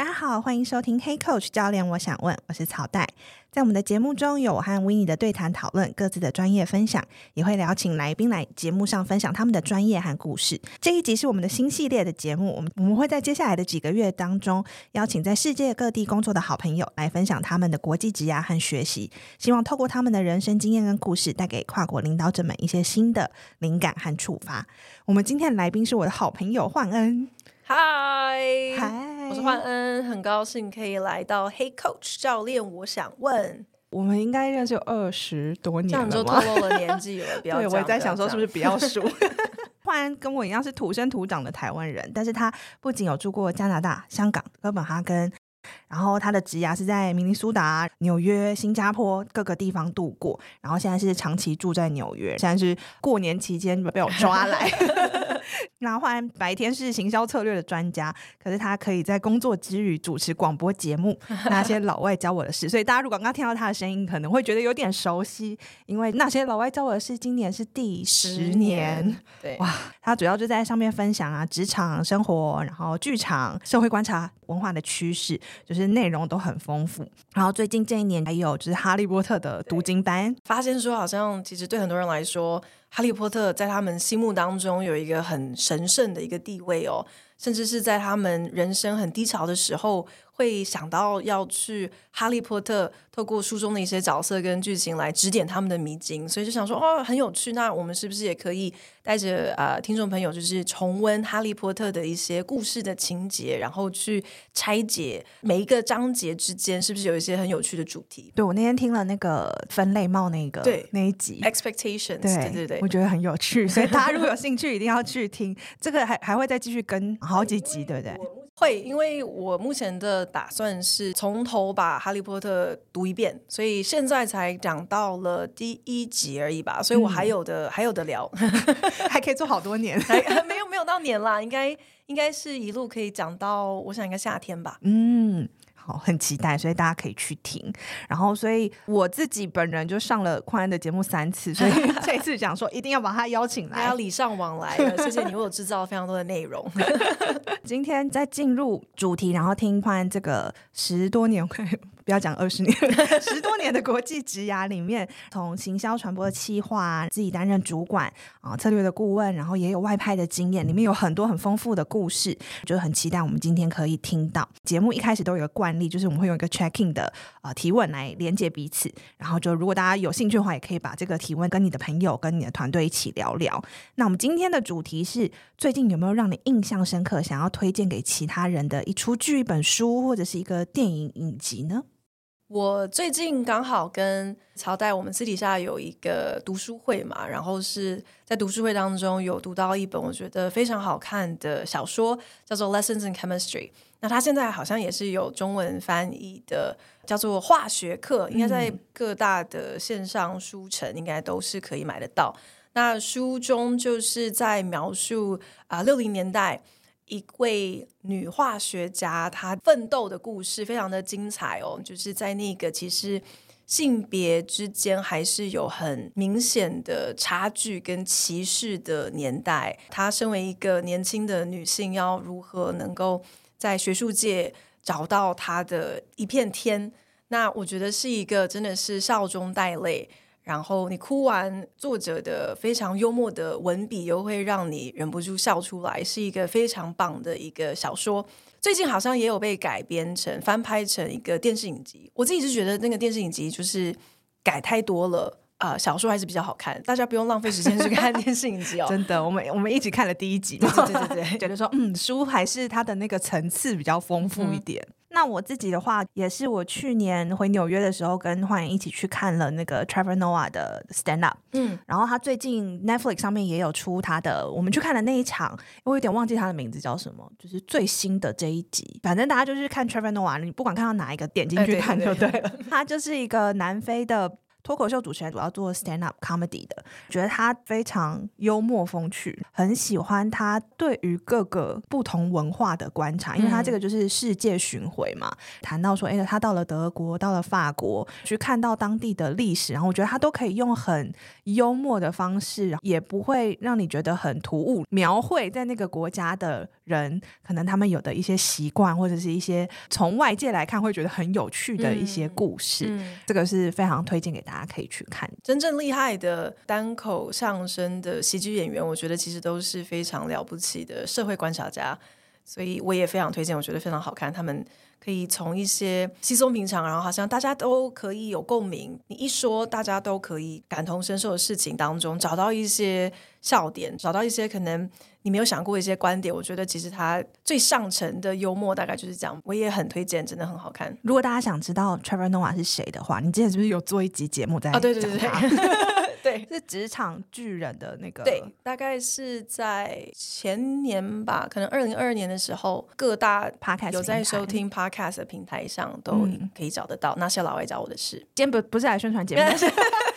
大家好，歡迎收聽 Hey Coach 教練。我想問，我是曹代。在我們的節目中有我和 Winny 的對談討論、各自的專業分享，也會邀請來賓來節目上分享他們的專業和故事。這一集是我們的新系列的節目，我們我們會在接下來的幾個月當中邀請在世界各地工作的好朋友來分享他們的國際職涯和學習，希望透過他們的人生經驗跟故事，帶給跨國領導者們一些新的靈感和觸發。我們今天的來賓是我的好朋友煥恩。嗨，嗨，我是煥恩，很高興可以來到 Hey Coach 教練。我想問，我們應該認識有二十多年了，這樣就透露了年紀了， 不要。對，我也在想說是不是比較熟。煥 恩跟我一樣是土生土長的台灣人，但是他不僅有住過加拿大、香港、哥本哈根。然後他的職涯是在明尼蘇達、紐約、新加坡各個地方度過，然後現在是長期住在紐約。現在是過年期間被我抓來。 那煥恩白天是行銷策略的專家，可是他可以在工作之餘主持廣播節目。 那些老外教我的事，所以大家如果剛剛聽到他的聲音，可能會覺得有點熟悉，因為那些老外教我的事，今年是第十年、嗯。對，哇，他主要就在上面分享啊，職場生活，然後劇場、社會觀察、文化的趨勢。就是內容都很豐富，然後最近這一年還有就是《哈利波特》的讀經班，發現說好像其實對很多人來說，《哈利波特》在他們心目當中有一個很神聖的一個地位哦，甚至是在他們人生很低潮的時候會想到要去《哈利波特》。透過書中的一些角色跟劇情來指點他們的迷津，所以就想說哦，很有趣。那我們是不是也可以帶着呃聽眾朋友，就是重溫《哈利波特》的一些故事的情節，然後去拆解每一個章節之間是不是有一些很有趣的主題？對，我那天聽了那個分類帽那個，對，那一集 Expectations，對對對，我覺得很有趣。所以大家如果有興趣，一定要去聽。 這個還還會再繼續跟好幾集，對不對？我會，因為我目前的打算是從頭把《哈利波特》讀。一遍，所以現在才講到了第一集而已吧，所以我還有的、嗯、還有的聊， 還可以做好多年，還沒有沒有到年啦，應該應該是一路可以講到，我想一個夏天吧。嗯，好，很期待，所以大家可以去聽。然後，所以我自己本人就上了煥恩的節目三次，所以這一次講說一定要把他邀請來，還 要禮尚往來。謝謝你為我制造了非常多的內容。 今天再進入主題，然後聽煥恩這個十多年會不要講二十年、 十多年的國際職涯裡面，從行銷傳播的企劃，自己擔任主管啊、哦，策略的顧問，然後也有外派的經驗，裡面有很多很豐富的故事，就很期待我們今天可以聽到。節目一開始都有一個慣例，就是我們會用一個 check-in 的啊、呃、提問來連接彼此，然後就如果大家有興趣的話，也可以把這個提問跟你的朋友、跟你的團隊一起聊聊。那我們今天的主題是：最近有沒有讓你印象深刻，想要推薦給其他人的一出劇、一本書，或者是一個電影影集呢？我最近剛好跟曹代，我們私底下有一個讀書會嘛，然後是在讀書會當中有讀到一本我覺得非常好看的小說，叫做《Lessons in Chemistry》。那它現在好像也是有中文翻譯的，叫做《化學課》，應該在各大的線上書城、嗯、應該都是可以買得到。那書中就是在描述啊六零年代。一位女化學家，她奮鬥的故事非常的精彩哦。就是在那個其實性別之間還是有很明顯的差距跟歧視的年代，她身為一個年輕的女性，要如何能夠在學術界找到她的一片天？那我覺得是一個真的是笑中帶淚。然後你哭完，作者的非常幽默的文筆又會讓你忍不住笑出來，是一個非常棒的一個小說。最近好像也有被改編成翻拍成一個電視影集，我自己是覺得那個電視影集就是改太多了，啊、呃，小說還是比較好看。大家不用浪費時間去看電視影集哦， 真的。我們我們一起看了第一集，對對對，對，對， 覺得說嗯，書還是它的那個層次比較豐富一點。嗯那我自己的話，也是我去年回紐約的時候，跟煥恩一起去看了那個 Trevor Noah 的 stand up。嗯，然後他最近 Netflix 上面也有出他的，我們去看的那一場，我有點忘記他的名字叫什麼，就是最新的這一集。反正大家就是看 Trevor Noah，你不管看到哪一個，點進去看就對了。欸、對對對 他就是一個南非的。脫口秀主持人，主要做 stand up comedy 的，覺得他非常幽默風趣，很喜歡他對於各個不同文化的觀察，因為他這個就是世界巡迴嘛、嗯，談到說，誒，他到了德國，到了法國，去看到當地的歷史，然後我覺得他都可以用很幽默的方式，也不會讓你覺得很突兀，描繪在那個國家的。人可能他們有的一些習慣，或者是一些從外界來看會覺得很有趣的一些故事，嗯，這個是非常推薦給大家可以去看。真正厲害的單口相聲的喜劇演員，我覺得其實都是非常了不起的社會觀察家，所以我也非常推薦。我覺得非常好看，他們可以從一些稀鬆平常，然後好像大家都可以有共鳴，你一說大家都可以感同身受的事情當中，找到一些。笑點，找到一些可能你沒有想過的一些觀點，我覺得其實他最上乘的幽默大概就是這樣，我也很推薦，真的很好看。如果大家想知道 Trevor Noah 是誰的話，你之前是不是有做一集節目在啊、哦？對對對，對， 對是職場巨人的那個，對，大概是在前年吧，可能二零二二年的時候，各大 podcast 有在收聽 podcast 的平台上都可以找得到。嗯、那些老外教我的事，今天不不是來宣傳節目。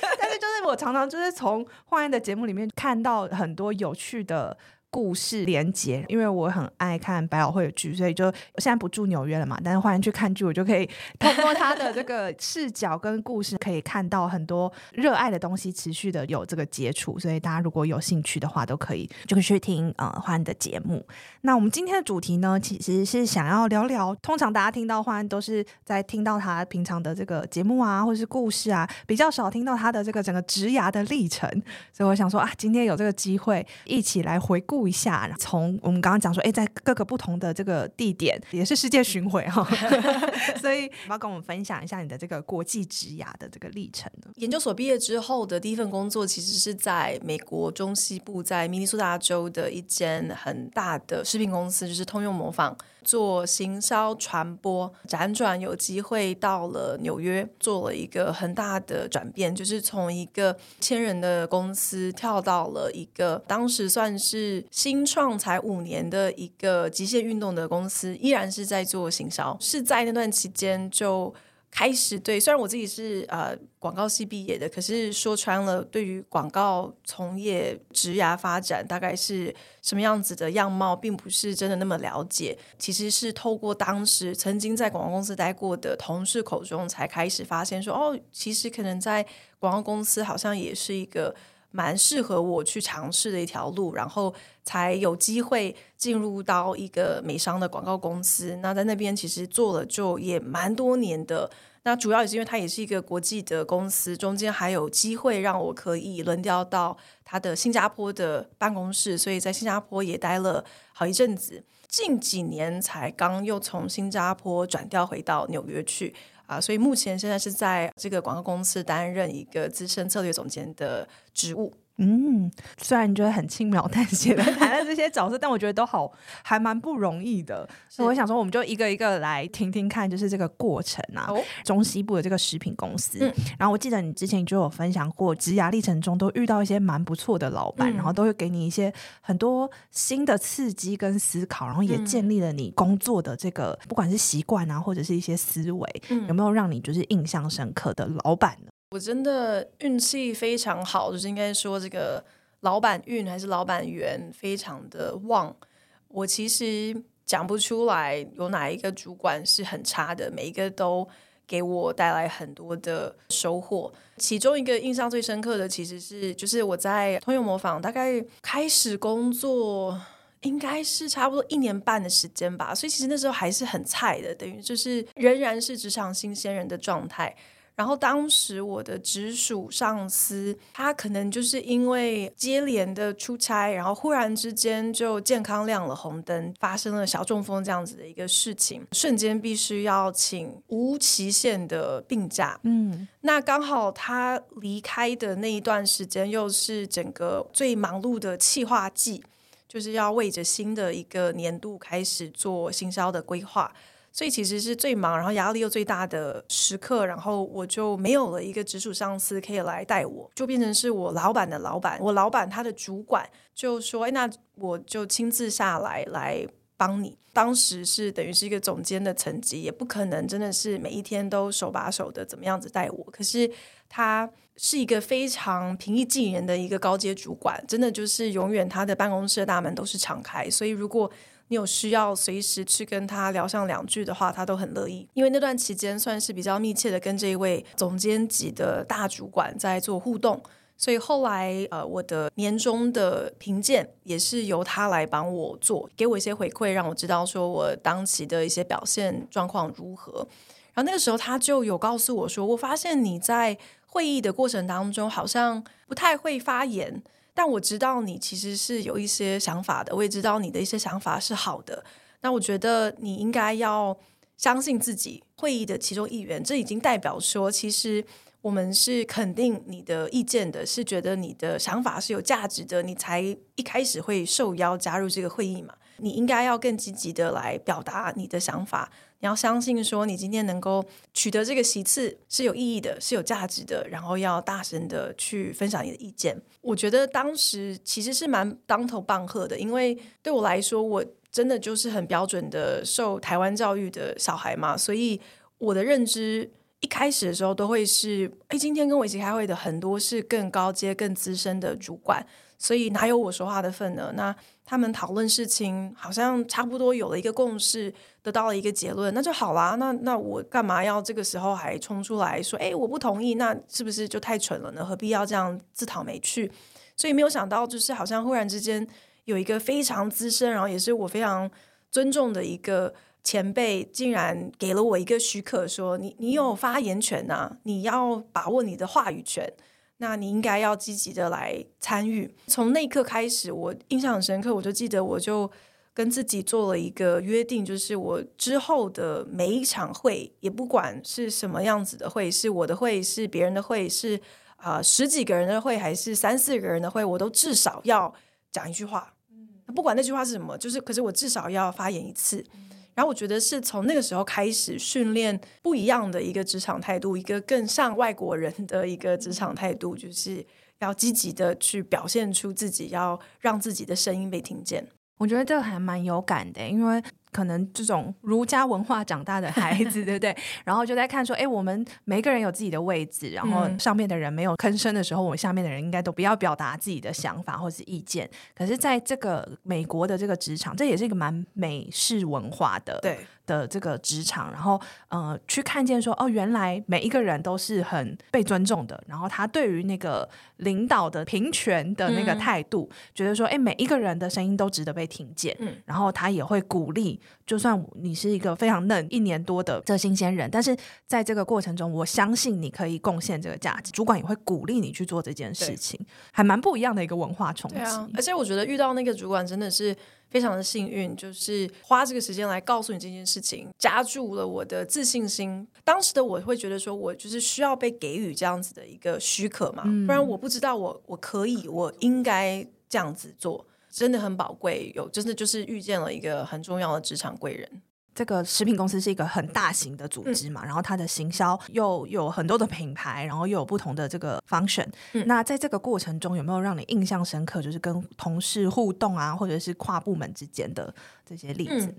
就是我常常就是從煥恩的節目裡面看到很多有趣的。故事連接，因為我很愛看百老匯的劇，所以就我現在不住紐約了嘛。但是煥恩去看劇，我就可以通過他的這個視角跟故事， 可以看到很多熱愛的東西，持續的有這個接觸。所以大家如果有興趣的話，都可以就可以去聽呃煥恩的節目。那我們今天的主題呢，其實是想要聊聊，通常大家聽到煥恩都是在聽到他平常的這個節目啊，或是故事啊，比較少聽到他的這個整個職涯的歷程。所以我想說啊，今天有這個機會，一起來回顧。一下，從我們剛剛講說，哎，在各個不同的這個地點，也是世界巡迴哈、哦， 所以你要跟我們分享一下你的這個國際職涯的這個歷程。 研究所畢業之後的第一份工作，其實是在美國中西部，在明尼蘇達州的一間很大的食品公司，就是通用磨坊。做行銷傳播，輾轉有機會到了紐約，做了一個很大的轉變，就是從一個千人的公司跳到了一個當時算是新創才五年的一個極限運動的公司，依然是在做行銷，是在那段期間就。開始對，雖然我自己是呃廣告系畢業的，可是說穿了，對於廣告從業職涯發展，大概是什麼樣子的樣貌，並不是真的那麼了解。其實是透過當時曾經在廣告公司待過的同事口中，才開始發現說，哦，其實可能在廣告公司好像也是一個。蠻適合我去嘗試的一條路，然後才有機會進入到一個美商的廣告公司。那在那邊其實做了就也蠻多年的，那主要也是因為它也是一個國際的公司，中間還有機會讓我可以輪調到他的新加坡的辦公室，所以在新加坡也待了好一陣子。近幾年才剛又從新加坡轉調回到紐約去。所以目前現在是在這個廣告公司擔任一個資深策略總監的職務。嗯，雖然你覺得很輕描淡寫的談了這些角色， 但我覺得都好，還蠻不容易的。所以我想說，我們就一個一個來聽聽看，就是這個過程啊、哦，中西部的這個食品公司、嗯。然後我記得你之前就有分享過，職涯歷程中都遇到一些蠻不錯的老闆、嗯，然後都會給你一些很多新的刺激跟思考，然後也建立了你工作的這個、嗯、不管是習慣啊，或者是一些思維、嗯，有沒有讓你就是印象深刻的老闆呢？我真的運氣非常好，就是應該說這個老闆運還是老闆緣非常的旺。我其實講不出來有哪一個主管是很差的，每一個都給我帶來很多的收穫。其中一個印象最深刻的其實是，就是我在通用磨坊大概開始工作，應該是差不多一年半的時間吧，所以其實那時候還是很菜的，等於就是仍然是職場新鮮人的狀態。然後當時我的直屬上司，他可能就是因為接連的出差，然後忽然之間就健康亮了紅燈，發生了小中風這樣子的一個事情，瞬間必須要請無期限的病假。嗯，那剛好他離開的那一段時間，又是整個最忙碌的計劃季，就是要為着新的一個年度開始做行銷的規劃。所以其實是最忙，然後壓力又最大的時刻，然後我就沒有了一個直屬上司可以來帶我，我就變成是我老板的老板，我老板他的主管就說：“哎，那我就親自下來來幫你。”當時是等於是一個總監的層級，也不可能真的是每一天都手把手的怎麼樣子帶我。可是他是一個非常平易近人的一個高階主管，真的就是永遠他的辦公室的大門都是敞開。所以如果你有需要隨時去跟他聊上兩句的話，他都很樂意。因為那段期間算是比較密切的跟這一位總監級的大主管在做互動，所以後來呃，我的年終的評鑑也是由他來幫我做，給我一些回饋，讓我知道說我當期的一些表現狀況如何。然後那個時候他就有告訴我說，我發現你在會議的過程當中好像不太會發言。但我知道你其實是有一些想法的，我也知道你的一些想法是好的。那我覺得你應該要相信自己，會議的其中一員，這已經代表說，其實我們是肯定你的意見的，是覺得你的想法是有價值的，你才一開始會受邀加入這個會議嘛。你應該要更積極的來表達你的想法。你要相信，說你今天能夠取得這個席次是有意義的，是有價值的。然後要大聲的去分享你的意見。我覺得當時其實是蠻當頭棒喝的，因為對我來說，我真的就是很標準的受台灣教育的小孩嘛，所以我的認知一開始的時候都會是：哎，今天跟我一起開會的很多是更高階、更資深的主管。所以哪有我說話的份呢？那他們討論事情，好像差不多有了一個共識，得到了一個結論，那就好啦！那那我幹嘛要這個時候還衝出來說，誒、欸，我不同意？那是不是就太蠢了呢？何必要這樣自討沒趣？所以沒有想到，就是好像忽然之間有一個非常資深，然後也是我非常尊重的一個前輩，竟然給了我一個許可說，說你你有發言權吶、啊，你要把握你的話語權。那你應該要積極的來參與。從那一刻開始，我印象很深刻。我就記得，我就跟自己做了一個約定，就是我之後的每一場會，也不管是什麼樣子的會，是我的會，是別人的會，是啊、呃，十幾個人的會，還是三四個人的會，我都至少要講一句話。不管那句話是什麼，就是，可是我至少要發言一次。然後我覺得是從那個時候開始訓練不一樣的一個職場態度，一個更像外國人的一個職場態度，就是要積極的去表現出自己，要讓自己的聲音被聽見。我覺得這個還蠻有感的，因為。可能這種儒家文化長大的孩子， 對不對？然後就在看說，哎、欸，我們每個人有自己的位置，然後上面的人沒有吭聲的時候，我們下面的人應該都不要表達自己的想法或是意見。可是，在這個美國的這個職場，這也是一個蠻美式文化的，對。的這個職場，然後呃，去看見說哦，原來每一個人都是很被尊重的。然後他對於那個領導的平權的那個態度，嗯、覺得說，哎，每一個人的聲音都值得被聽見。嗯，然後他也會鼓勵，就算你是一個非常嫩一年多的這新鮮人，但是在這個過程中，我相信你可以貢獻這個價值。主管也會鼓勵你去做這件事情，還蠻不一樣的一個文化衝擊、啊。而且我覺得遇到那個主管真的是。非常的幸運，就是花這個時間來告訴你這件事情，加注了我的自信心。當時的我會覺得說，我就是需要被給予這樣子的一個許可嘛，不然我不知道我我可以，我應該這樣子做，真的很寶貴。有真的就是遇見了一個很重要的職場貴人。這個食品公司是一個很大型的組織嘛，嗯、然後它的行銷又，又有很多的品牌，然後又有不同的這個 function。嗯、那在這個過程中，有沒有讓你印象深刻，就是跟同事互動啊，或者是跨部門之間的這些例子，嗯？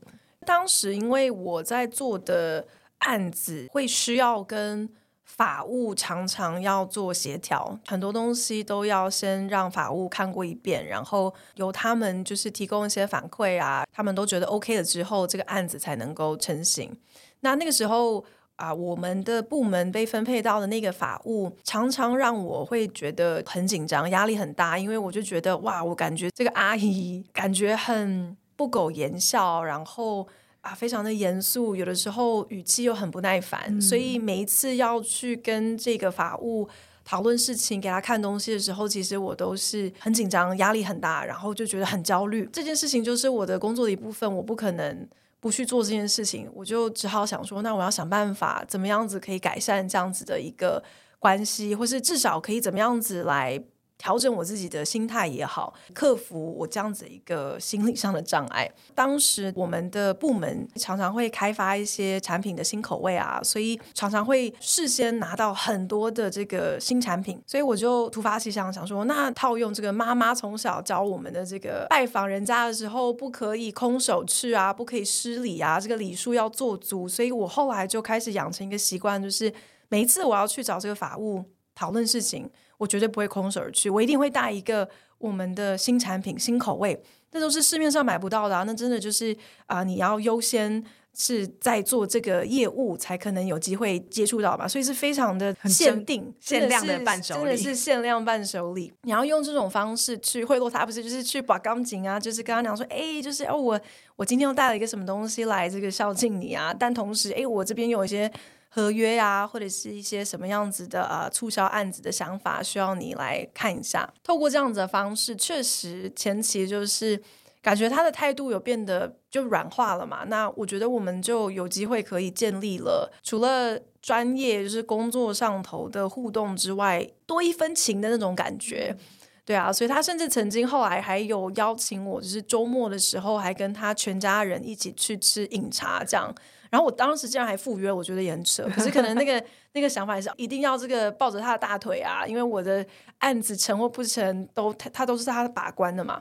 當時因為我在做的案子會需要跟。法務常常要做協調，很多東西都要先讓法務看過一遍，然後由他們就是提供一些反饋啊，他們都覺得 OK 了之後，這個案子才能夠成型。那那個時候啊、呃，我們的部門被分配到的那個法務，常常讓我會覺得很緊張，壓力很大，因為我就覺得哇，我感覺這個阿姨感覺很不苟言笑，然後。啊，非常的嚴肅，有的時候語氣又很不耐煩，嗯，所以每一次要去跟這個法務討論事情，給他看東西的時候，其實我都是很緊張、壓力很大，然後就覺得很焦慮。這件事情就是我的工作的一部分，我不可能不去做這件事情，我就只好想說，那我要想辦法怎麼樣子可以改善這樣子的一個關係，或是至少可以怎麼樣子來。調整我自己的心態也好，克服我這樣子一個心理上的障礙。當時我們的部門常常會開發一些產品的新口味啊，所以常常會事先拿到很多的這個新產品。所以我就突發奇想，想說，那套用這個媽媽從小教我們的這個拜訪人家的時候，不可以空手去啊，不可以失禮啊，這個禮數要做足。所以我後來就開始養成一個習慣，就是每一次我要去找這個法務討論事情，我絕對不會空手而去，我一定會帶一個我們的新產品、新口味，那都是市面上買不到的啊！那真的就是啊、呃，你要優先是在做這個業務，才可能有機會接觸到吧？所以是非常的限定、限量的伴手禮，真的是，真的是限量伴手禮。 你要用這種方式去賄賂他，不是就是去把鋼琴啊，就是跟他講說，哎，就是哦，我我今天又帶了一個什麼東西來這個孝敬你啊？但同時，哎，我這邊有一些。合約呀、啊，或者是一些什麼樣子的呃、啊、促銷案子的想法，需要你來看一下。透過這樣子的方式，確實前期就是感覺他的態度有變得就軟化了嘛。那我覺得我們就有機會可以建立了，除了專業就是工作上頭的互動之外，多一分情的那種感覺。對啊，所以他甚至曾經後來還有邀請我，就是周末的時候還跟他全家人一起去吃飲茶這樣。然後我當時竟然還赴約，我覺得也很扯。可是可能那個 那個想法是一定要這個抱着他的大腿啊，因為我的案子成或不成都他他都是他的把關的嘛。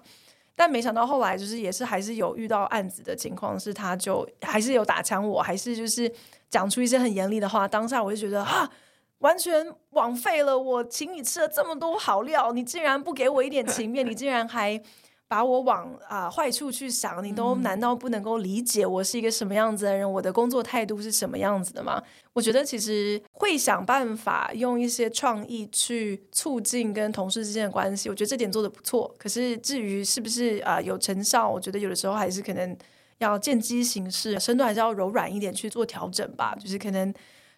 但沒想到後來就是也是還是有遇到案子的情況，是他就還是有打槍我，我還是就是講出一些很嚴厲的話。當下我就覺得啊，完全枉費了，我請你吃了這麼多好料，你竟然不給我一點情面，你竟然還。 把我往啊、呃、壞處去想，你都難道不能夠理解我是一個什麼樣子的人？我的工作態度是什麼樣子的嗎？我覺得其實會想辦法用一些創意去促進跟同事之間的關係，我覺得這點做得不錯。可是至於是不是啊、呃、有成效，我覺得有的時候還是可能要見機行事，身段還是要柔軟一點去做調整吧。就是可能。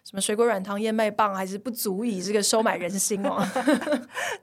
什麼水果軟糖、燕麥棒還是不足以這個收買人心哦。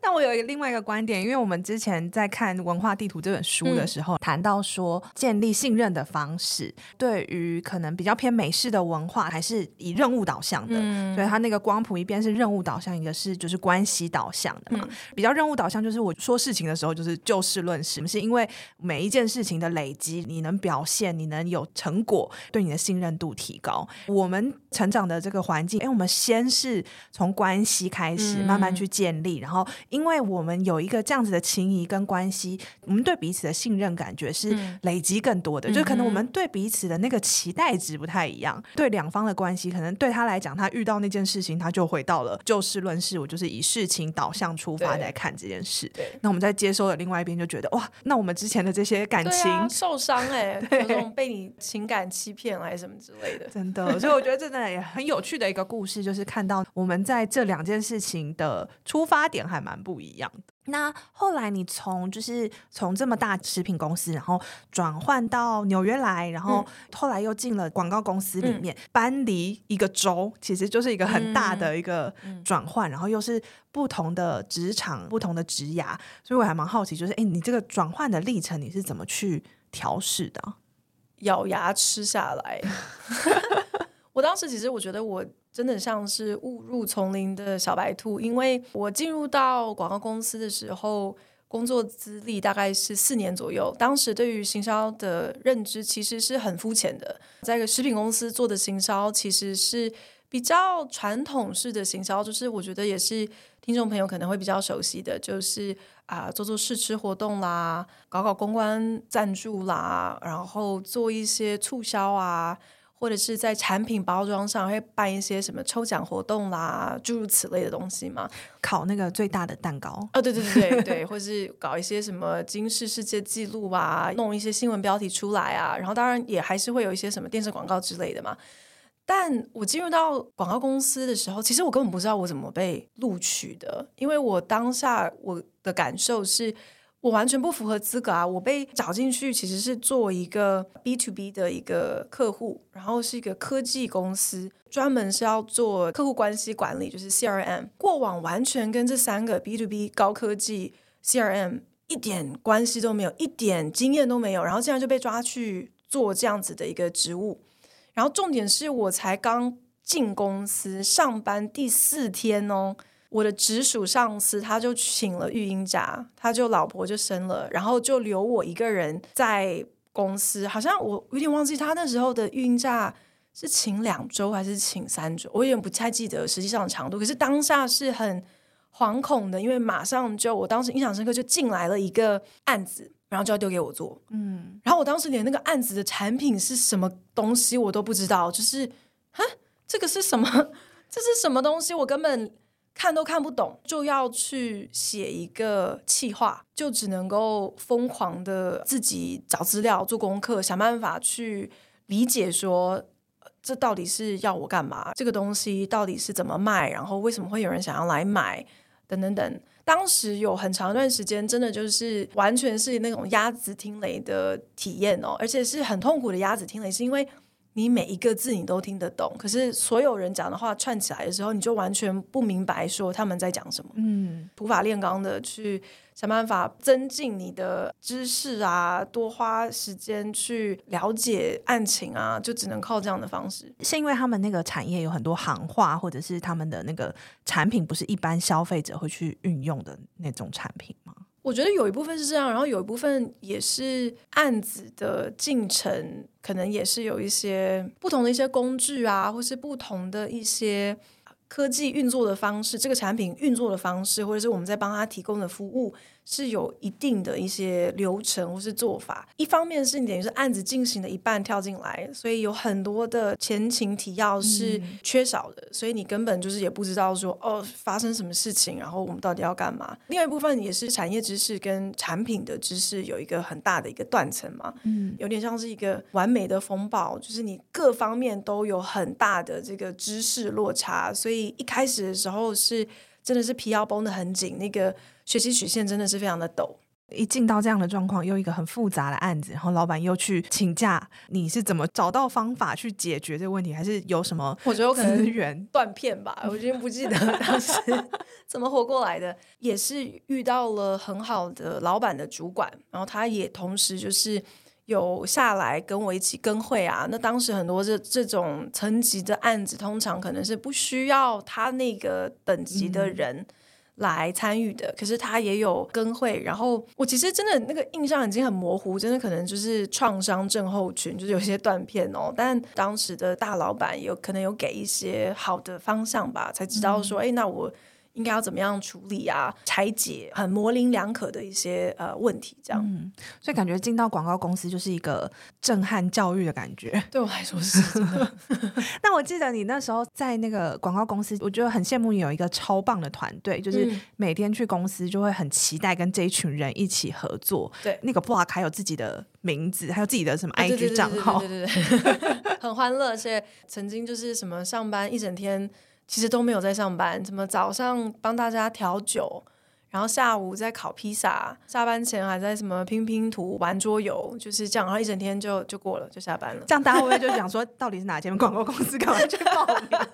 那 我有一個另外一個觀點，因為我們之前在看《文化地圖》這本書的時候，談、嗯、到說建立信任的方式，對於可能比較偏美式的文化，還是以任務導向的，嗯、所以他那個光譜一邊是任務導向，一個是就是關係導向的嘛、嗯。比較任務導向就是我說事情的時候就是就事論事，是因為每一件事情的累積，你能表現，你能有成果，對你的信任度提高。我們。成長的這個環境，因為我們先是從關係開始慢慢去建立、嗯，然後因為我們有一個這樣子的情誼跟關係，我們對彼此的信任感覺是累積更多的，嗯、就可能我們對彼此的那個期待值不太一樣、嗯，對兩方的關係，可能對他來講，他遇到那件事情，他就回到了就事論事，我就是以事情導向出發來看這件事。對對，那我們在接收的另外一邊就覺得哇，那我們之前的這些感情、啊、受傷哎、欸， 被你情感欺騙還是什麼之類的，真的，所以我覺得真的。 很有趣的一個故事，就是看到我們在這兩件事情的出發點還蠻不一樣的。那後來你從就是從這麼大食品公司，然後轉換到紐約來，然後後來又進了廣告公司裡面、嗯，搬離一個州，其實就是一個很大的一個轉換，然後又是不同的職場、不同的職涯，所以我還蠻好奇，就是哎，你這個轉換的歷程你是怎麼去調試的？咬牙吃下來。 我當時其實我覺得我真的像是誤入叢林的小白兔，因為我進入到廣告公司的時候，工作資歷大概是四年左右。當時對於行銷的認知其實是很膚淺的，在一個食品公司做的行銷其實是比較傳統式的行銷，就是我覺得也是聽眾朋友可能會比較熟悉的，就是啊、呃，做做試吃活動啦，搞搞公關贊助啦，然後做一些促銷啊。或者是在產品包裝上會辦一些什麼抽獎活動啦，諸如此類的東西嘛。烤那個最大的蛋糕啊，哦，對對對對對，或是搞一些什麼金氏世界紀錄啊， 弄一些新聞標題出來啊。然後當然也還是會有一些什麼電視廣告之類的嘛。但我進入到廣告公司的時候，其實我根本不知道我怎麼被錄取的，因為我當下我的感受是，我完全不符合資格啊！我被找進去其實是做一個 B to B 的一個客戶，然後是一個科技公司，專門是要做客戶關係管理，就是 CRM。過往完全跟這三個 B to B 高科技 CRM 一點關係都沒有，一點經驗都沒有，然後竟然就被抓去做這樣子的一個職務。然後重點是我才剛進公司上班第四天哦。我的直屬上司他就請了育嬰假，他就老婆就生了，然後就留我一個人在公司。好像我有點忘記他那時候的育嬰假是請兩週還是請三週，我有點不太記得實際上的長度。可是當下是很惶恐的，因為馬上就我當時印象深刻就進來了一個案子，然後就要丟給我做。嗯，然後我當時連那個案子的產品是什麼東西我都不知道，就是哈這個是什麼？這是什麼東西？我根本。看都看不懂，就要去寫一個企劃，就只能夠瘋狂的自己找資料、做功課，想辦法去理解說，呃，這到底是要我幹嘛？這個東西到底是怎麼賣？然後為什麼會有人想要來買？等等等。當時有很長一段時間，真的就是完全是那種鴨子聽雷的體驗哦，而且是很痛苦的鴨子聽雷，是因為。你每一個字你都聽得懂，可是所有人講的話串起來的時候，你就完全不明白說他們在講什麼。嗯，土法煉鋼的去想辦法增進你的知識啊，多花時間去了解案情啊，就只能靠這樣的方式。是因為他們那個產業有很多行話，或者是他們的那個產品不是一般消費者會去運用的那種產品嗎？我覺得有一部分是這樣，然後有一部分也是案子的進程，可能也是有一些不同的一些工具啊，或是不同的一些科技運作的方式，這個產品運作的方式，或者是我們在幫他提供的服務。是有一定的一些流程或是做法。一方面是你等於是案子進行了一半跳進來，所以有很多的前情提要是缺少的，嗯、所以你根本就是也不知道說哦，發生什麼事情，然後我們到底要幹嘛。另外一部分也是產業知識跟產品的知識有一個很大的一個斷層嘛，嗯，有點像是一個完美的風暴，就是你各方面都有很大的這個知識落差，所以一開始的時候是真的是皮要繃得很緊那個。學習曲線真的是非常的陡，一進到這樣的狀況，又一個很複雜的案子，然後老闆又去請假，你是怎麼找到方法去解決這個問題？還是有什麼？我覺得有可能是斷片吧，我已經不記得當時 怎麼活過來的。也是遇到了很好的老闆的主管，然後他也同時就是有下來跟我一起跟會啊。那當時很多這這種層級的案子，通常可能是不需要他那個等級的人。嗯來參與的，可是他也有跟會，然後我其實真的那個印象已經很模糊，真的可能就是創傷症候群，就是有一些斷片哦。但當時的大老板有可能有給一些好的方向吧，才知道說，哎、嗯欸，那我。應該要怎麼樣處理啊？拆解很模棱兩可的一些呃問題，這樣，嗯。所以感覺進到廣告公司就是一個震撼教育的感覺，對我來說是真的。 那我記得你那時候在那個廣告公司，我覺得很羨慕你有一個超棒的團隊，就是每天去公司就會很期待跟這一群人一起合作。對，嗯，那個 block 有自己的名字，還有自己的什麼 IG 賬號、啊，對對對，對，對，對，對，對，對， 很歡樂。所以曾經就是什麼上班一整天。其實都沒有在上班，怎麼早上幫大家調酒，然後下午在烤披薩，下班前還在什麼拼拼圖、玩桌遊，就是這樣，然後一整天就就過了，就下班了。這樣大家會不會就想說，到底是哪間廣告公司搞才就報名、啊？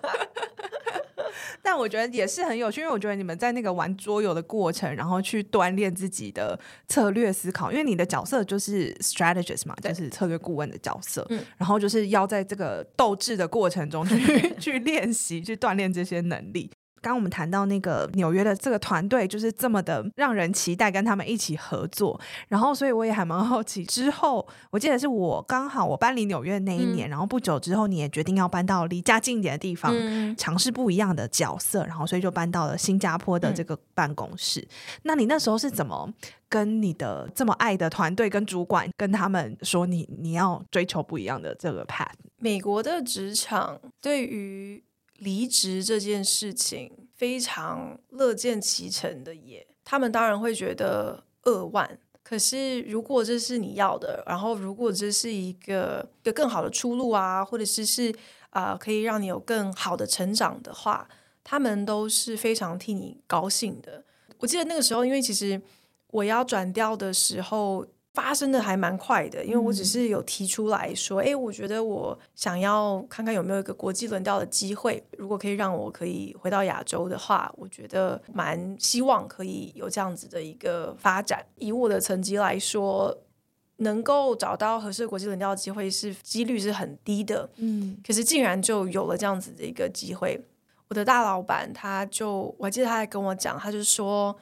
但我覺得也是很有趣，因為我覺得你們在那個玩桌遊的過程，然後去鍛鍊自己的策略思考，因為你的角色就是 strategist 嘛，就是策略顧問的角色，嗯，然後就是要在這個鬥智的過程中去 去練習、去鍛鍊這些能力。剛剛我們談到那個紐約的這個團隊，就是這麼的讓人期待，跟他們一起合作。然後，所以我也還蠻好奇，之後我記得是我剛好我搬離紐約那一年，嗯，然後不久之後你也決定要搬到離家近一點的地方，嗯，嘗試不一樣的角色，然後所以就搬到了新加坡的這個辦公室。嗯，那你那時候是怎麼跟你的這麼愛的團隊跟主管跟他們說你你要追求不一樣的這個 path？美國的職場對於，離職這件事情非常樂見其成的耶。他們當然會覺得扼腕。可是如果這是你要的，然後如果這是一個有更好的出路啊，或者是是啊、呃、可以讓你有更好的成長的話，他們都是非常替你高興的。我記得那個時候，因為其實我要轉調的時候，發生的還蠻快的，因為我只是有提出來說，嗯、誒，我覺得我想要看看有沒有一個國際輪調的機會，如果可以讓我可以回到亞洲的話，我覺得蠻希望可以有這樣子的一個發展。以我的層級來說，能夠找到合適國際輪調的機會是幾率是很低的，嗯。可是竟然就有了這樣子的一個機會，我的大老闆他就，我還記得他還跟我講，他就說。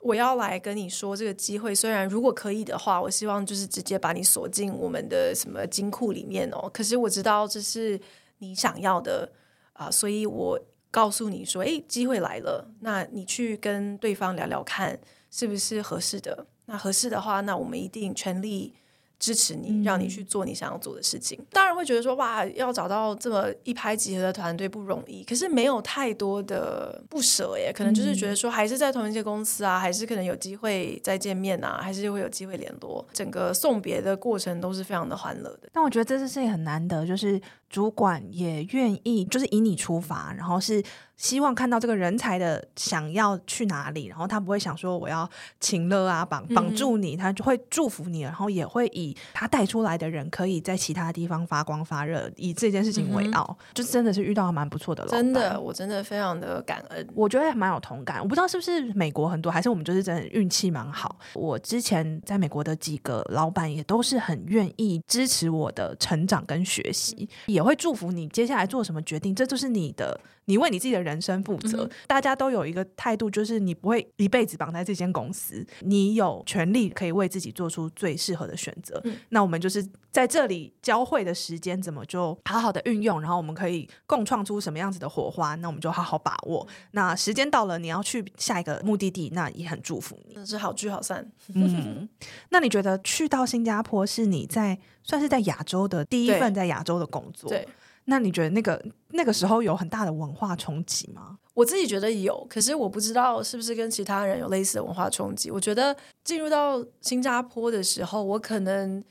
我要來跟你說這個機會，雖然如果可以的話，我希望就是直接把你鎖進我們的什麼金庫裡面哦。可是我知道這是你想要的啊，所以我告訴你說，哎，機會來了，那你去跟對方聊聊看是不是合適的。那合適的話，那我們一定全力支持你，讓你去做你想要做的事情。嗯、當然會覺得說哇，要找到這麼一拍即合的團隊不容易。可是沒有太多的不舍耶，可能就是覺得說還是在同一家公司啊，還是可能有機會再見面啊，還是會有機會聯絡。整個送別的過程都是非常的歡樂的。但我覺得這件事情很難得，就是主管也願意，就是以你出發，然後是。希望看到這個人才的想要去哪裡，然後他不會想說我要請樂啊，綁綁住你，他就會祝福你，然後也會以他帶出來的人可以在其他地方發光發熱，以這件事情為傲，就真的是遇到蠻不錯的老闆。真的，我真的非常的感恩。我覺得還蠻有同感，我不知道是不是美國很多，還是我們就是真的運氣蠻好。我之前在美國的幾個老闆也都是很願意支持我的成長跟學習，嗯、也會祝福你接下來做什麼決定，這就是你的。你為你自己的人生負責，嗯嗯，大家都有一個態度，就是你不會一輩子綁在這間公司，你有權利可以為自己做出最適合的選擇。嗯、那我們就是在這裡交匯的時間，怎麼就好好的運用，然後我們可以共創出什麼樣子的火花，那我們就好好把握。嗯、那時間到了，你要去下一個目的地，那也很祝福你，那是好聚好散。 嗯，那你覺得去到新加坡是你在算是在亞洲的第一份在亞洲的工作？對。對那你覺得那個那個時候有很大的文化衝擊嗎？我自己覺得有，可是我不知道是不是跟其他人有類似的文化衝擊。我覺得進入到新加坡的時候，我可能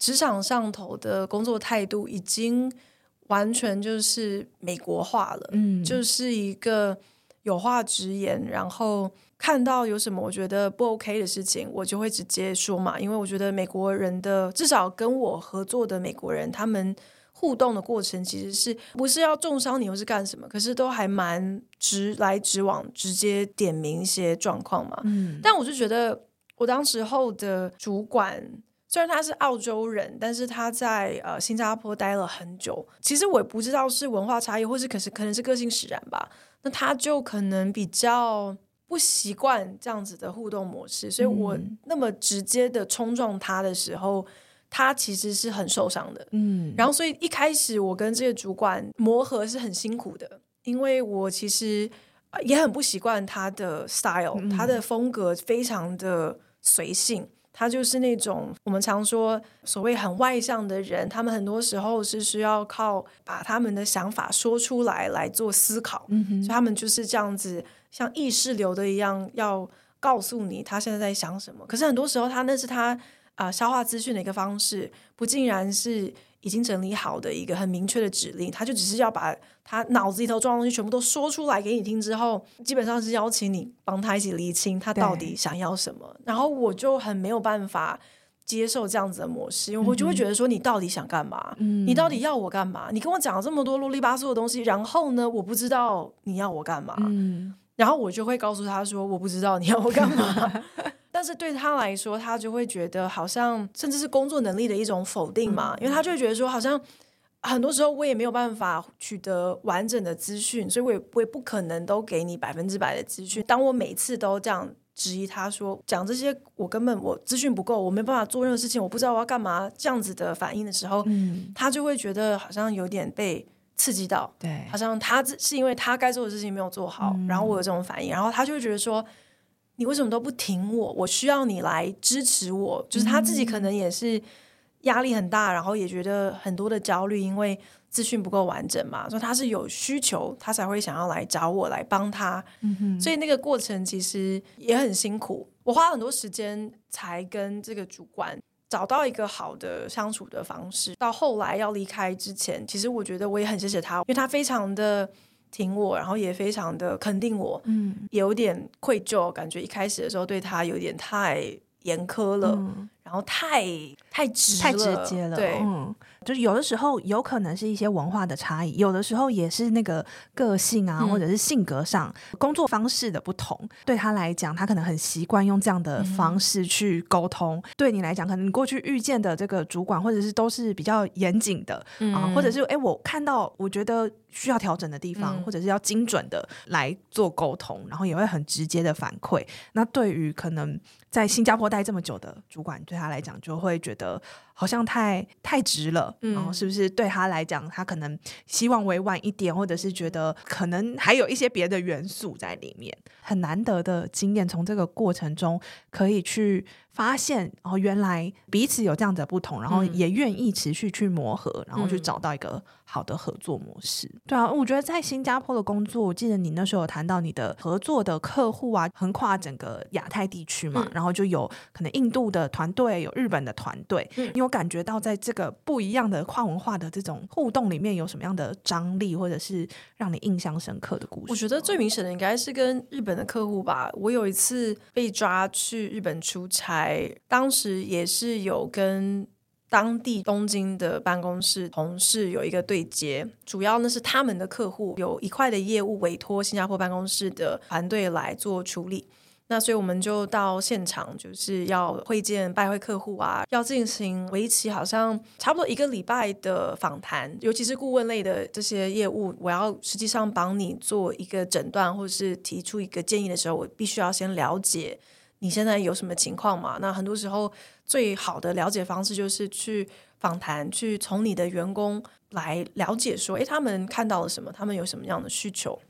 職場上頭的工作態度已經完全就是美國化了，嗯，就是一個有話直言，然後看到有什麼我覺得不 OK 的事情，我就會直接說嘛，因為我覺得美國人的至少跟我合作的美國人他們。互動的過程其實是不是要重傷你，又是幹什麼？可是都還蠻直來直往，直接點名一些狀況嘛。嗯，但我就覺得，我當時候的主管雖然他是澳洲人，但是他在呃新加坡待了很久。其實我也不知道是文化差異，或是可是可能是個性使然吧。那他就可能比較不習慣這樣子的互動模式，所以我那麼直接的衝撞他的時候。嗯嗯他其實是很受傷的，嗯，然後所以一開始我跟這個主管磨合是很辛苦的，因為我其實也很不習慣他的 style，嗯，他的風格非常的隨性，他就是那種我們常說所謂很外向的人，他們很多時候是需要靠把他們的想法說出來來做思考，嗯哼，所以他們就是這樣子像意識流的一樣要告訴你他現在在想什麼，可是很多時候他那是他。啊，消化資訊的一個方式，不盡然是已經整理好的一個很明確的指令，他就只是要把他腦子裡頭裝的東西全部都說出來給你聽之後，基本上是邀請你幫他一起理清他到底想要什麼。然後我就很沒有辦法接受這樣子的模式，嗯、因為我就會覺得說，你到底想幹嘛、嗯？你到底要我幹嘛？你跟我講了這麼多囉里八嗦的東西，然後呢，我不知道你要我幹嘛、嗯。然後我就會告訴他說，我不知道你要我幹嘛。嗯 但是對他來說，他就會覺得好像甚至是工作能力的一種否定嘛，嗯嗯、因為他就會覺得說，好像很多時候我也沒有辦法取得完整的資訊，所以我也我也不可能都給你百分之百的資訊、嗯。當我每次都這樣質疑他說講這些，我根本我資訊不夠，我沒辦法做任何事情，我不知道我要幹嘛這樣子的反應的時候、嗯，他就會覺得好像有點被刺激到，對，好像他是因為他該做的事情沒有做好，嗯、然後我有這種反應，然後他就會覺得說。你為什麼都不挺我？我需要你來支持我。就是他自己可能也是壓力很大，嗯、然後也覺得很多的焦慮，因為資訊不夠完整嘛，所以他是有需求，他才會想要來找我來幫他。嗯哼，所以那個過程其實也很辛苦，我花了很多時間才跟這個主管找到一個好的相處的方式。到後來要離開之前，其實我覺得我也很謝謝他，因為他非常的。挺我，然後也非常的肯定我，嗯，有點愧疚，感覺一開始的時候對他有點太嚴苛了。嗯然後太太直太直接了，對，嗯，就是有的時候有可能是一些文化的差異，有的時候也是那個個性啊，嗯、或者是性格上工作方式的不同，對他來講，他可能很習慣用這樣的方式去溝通，嗯、對你來講，可能你過去遇見的這個主管或者是都是比較嚴謹的、嗯、啊，或者是哎、欸，我看到我覺得需要調整的地方、嗯，或者是要精準的來做溝通，然後也會很直接的反饋。那對於可能。在新加坡待這麼久的主管，對他來講，就會覺得。好像太太直了，嗯，然後是不是對他來講，他可能希望委婉一點，或者是覺得可能還有一些別的元素在裡面。很難得的經驗，從這個過程中可以去發現，哦，原來彼此有這樣子的不同，然後也願意持續去磨合，然後去找到一個好的合作模式，嗯。對啊，我覺得在新加坡的工作，我記得你那時候有談到你的合作的客戶啊，橫跨整個亞太地區嘛，嗯，然後就有可能印度的團隊，有日本的團隊，嗯，因為。我感覺到在這個不一樣的跨文化的這種互動裡面，有什麼樣的張力，或者是讓你印象深刻的故事？我覺得最明顯的應該是跟日本的客戶吧。我有一次被抓去日本出差，當時也是有跟當地東京的辦公室同事有一個對接，主要呢是他們的客戶有一塊的業務委託新加坡辦公室的團隊來做處理。那所以我們就到現場，就是要會見、拜會客戶啊，要進行為期好像差不多一個禮拜的訪談，尤其是顧問類的這些業務，我要實際上幫你做一個診斷或者是提出一個建議的時候，我必須要先了解你現在有什麼情況嘛。那很多時候最好的了解方式就是去訪談，去從你的員工來了解說，誒，他們看到了什麼，他們有什麼樣的需求。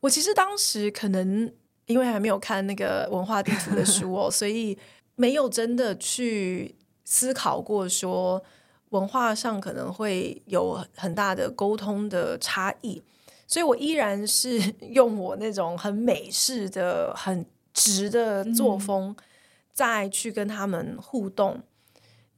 我其實當時可能。因為還沒有看那個文化地圖的書哦， 所以沒有真的去思考過說文化上可能會有很大的溝通的差異，所以我依然是用我那種很美式的、很直的作風再去跟他們互動。嗯。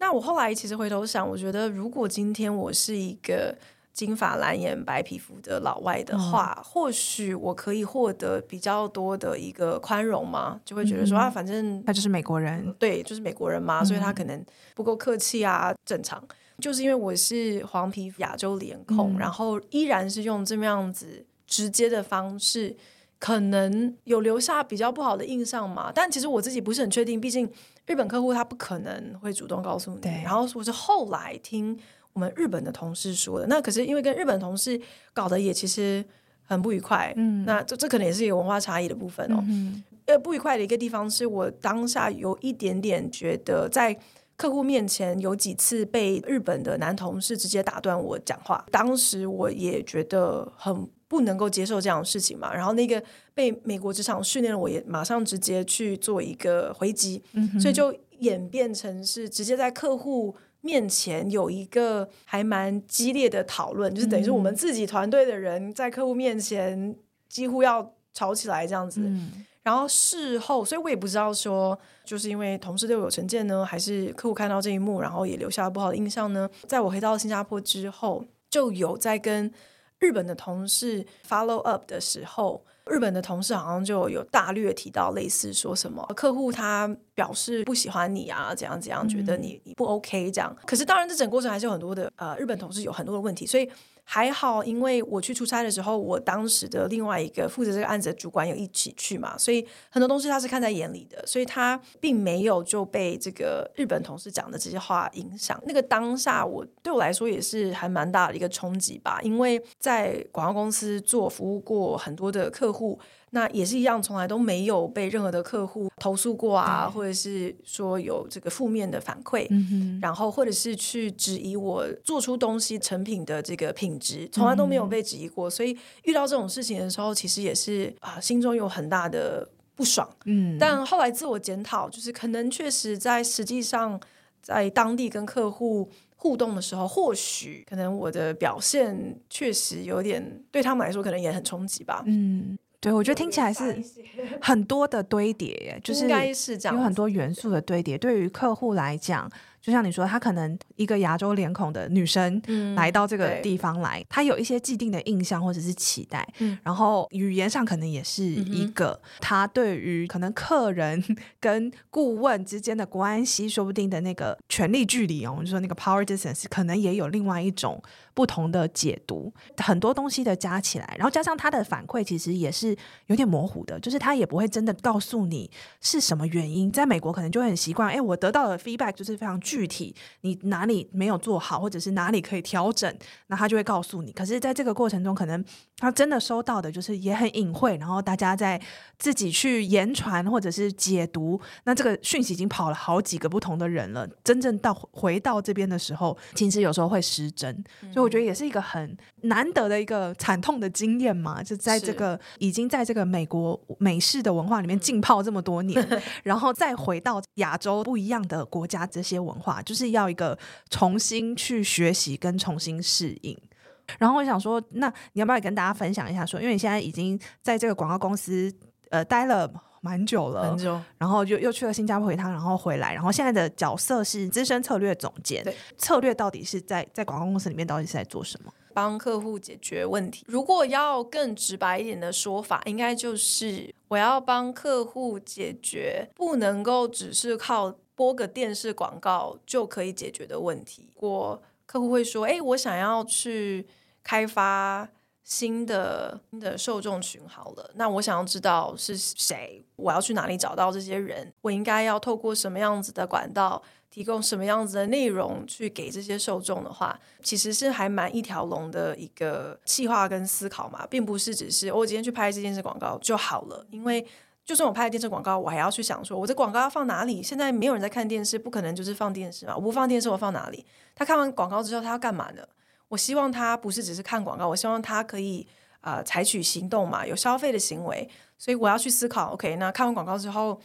那我後來其實回頭想，我覺得如果今天我是一個。金髮藍眼白皮膚的老外的話、哦，或許我可以獲得比較多的一個寬容嗎？就會覺得說、嗯、啊，反正他就是美國人、呃，對，就是美國人嘛、嗯，所以他可能不夠客氣啊，正常就是因為我是黃皮亞洲臉孔、嗯，然後依然是用這麼樣子直接的方式，可能有留下比較不好的印象嘛。但其實我自己不是很確定，畢竟日本客戶他不可能會主動告訴你。然後我是後來聽。我們日本的同事說的，那可是因為跟日本同事搞得也其實很不愉快，嗯，那這這可能也是有文化差異的部分哦。嗯，呃，不愉快的一個地方是我當下有一點點覺得在客戶面前有幾次被日本的男同事直接打斷我講話，當時我也覺得很不能夠接受這樣的事情嘛。然後那個被美國職場訓練的我也馬上直接去做一個回擊，嗯，所以就演變成是直接在客戶面前有一個還蠻激烈的討論，就是等於是我們自己團隊的人在客戶面前幾乎要吵起來這樣子。嗯，然後事後，所以我也不知道說，就是因為同事對我有成見呢，還是客戶看到這一幕，然後也留下了不好的印象呢？在我回到新加坡之後，就有在跟日本的同事 follow up 的時候。日本的同事好像就有大略提到類似說什麼客戶他表示不喜歡你啊，怎樣怎樣，覺得你你不 OK 這樣。可是當然這整個過程還是有很多的呃，日本同事有很多的問題，所以還好，因為我去出差的時候，我當時的另外一個負責這個案子的主管有一起去嘛，所以很多東西他是看在眼裡的，所以他並沒有就被這個日本同事講的這些話影響。那個當下我對我來說也是還蠻大的一個衝擊吧，因為在廣告公司做服務過很多的客戶，那也是一樣，從來都沒有被任何的客戶投訴過啊、嗯，或者是說有這個負面的反饋、嗯，然後或者是去質疑我做出東西成品的這個品質，從來都沒有被質疑過、嗯。所以遇到這種事情的時候，其實也是啊，心中有很大的不爽。嗯，但後來自我檢討，就是可能確實在實際上在當地跟客戶互動的時候，或許可能我的表現確實有點對他們來說可能也很衝擊吧。嗯。對，我覺得聽起來是很多的堆疊，就是有很多元素的堆疊，對於客戶來講。就像你說，他可能一個亞洲臉孔的女生來到這個地方來，她、嗯、有一些既定的印象或者是期待，嗯、然後語言上可能也是一個、嗯、他對於可能客人跟顧問之間的關係，說不定的那個權力距離哦，就是、說那個 power distance 可能也有另外一種不同的解讀，很多東西的加起來，然後加上他的反饋，其實也是有點模糊的，就是他也不會真的告訴你是什麼原因。在美國可能就很習慣，哎，我得到的 feedback 就是非常巨。具體你哪裡沒有做好，或者是哪裡可以調整，那他就會告訴你。可是，在這個過程中，可能他真的收到的，就是也很隱晦。然後大家在自己去言傳或者是解讀，那這個訊息已經跑了好幾個不同的人了。真正到回到這邊的時候，其實有時候會失真。嗯。所以，我覺得也是一個很難得的一個慘痛的經驗嘛。就在這個已經在這個美國美式的文化裡面浸泡這麼多年， 然後再回到亞洲不一樣的國家，這些文化。話就是要一個重新去學習跟重新適應，然後我想說，那你要不要也跟大家分享一下？說，因為你現在已經在這個廣告公司呃待了蠻久了，很久，然後就又，又去了新加坡一趟，然後回來，然後現在的角色是資深策略總監。策略到底是在在廣告公司裡面到底是在做什麼？幫客戶解決問題。如果要更直白一點的說法，應該就是我要幫客戶解決，不能夠只是靠。播個電視廣告就可以解決的問題。如果客戶會說：“哎、欸，我想要去開發新的新的受眾群，好了，那我想要知道是誰，我要去哪裡找到這些人，我應該要透過什麼樣子的管道，提供什麼樣子的內容去給這些受眾的話，其實是還蠻一條龍的一個企劃跟思考嘛，並不是只是我今天去拍一支電視廣告就好了，因為。就算我拍了電視廣告，我還要去想說，我這廣告要放哪裡？現在沒有人在看電視，不可能就是放電視啊。我不放電視，我放哪裡？他看完廣告之後，他要幹嘛呢？我希望他不是只是看廣告，我希望他可以啊、呃、採取行動嘛，有消費的行為。所以我要去思考。OK，那看完廣告之後，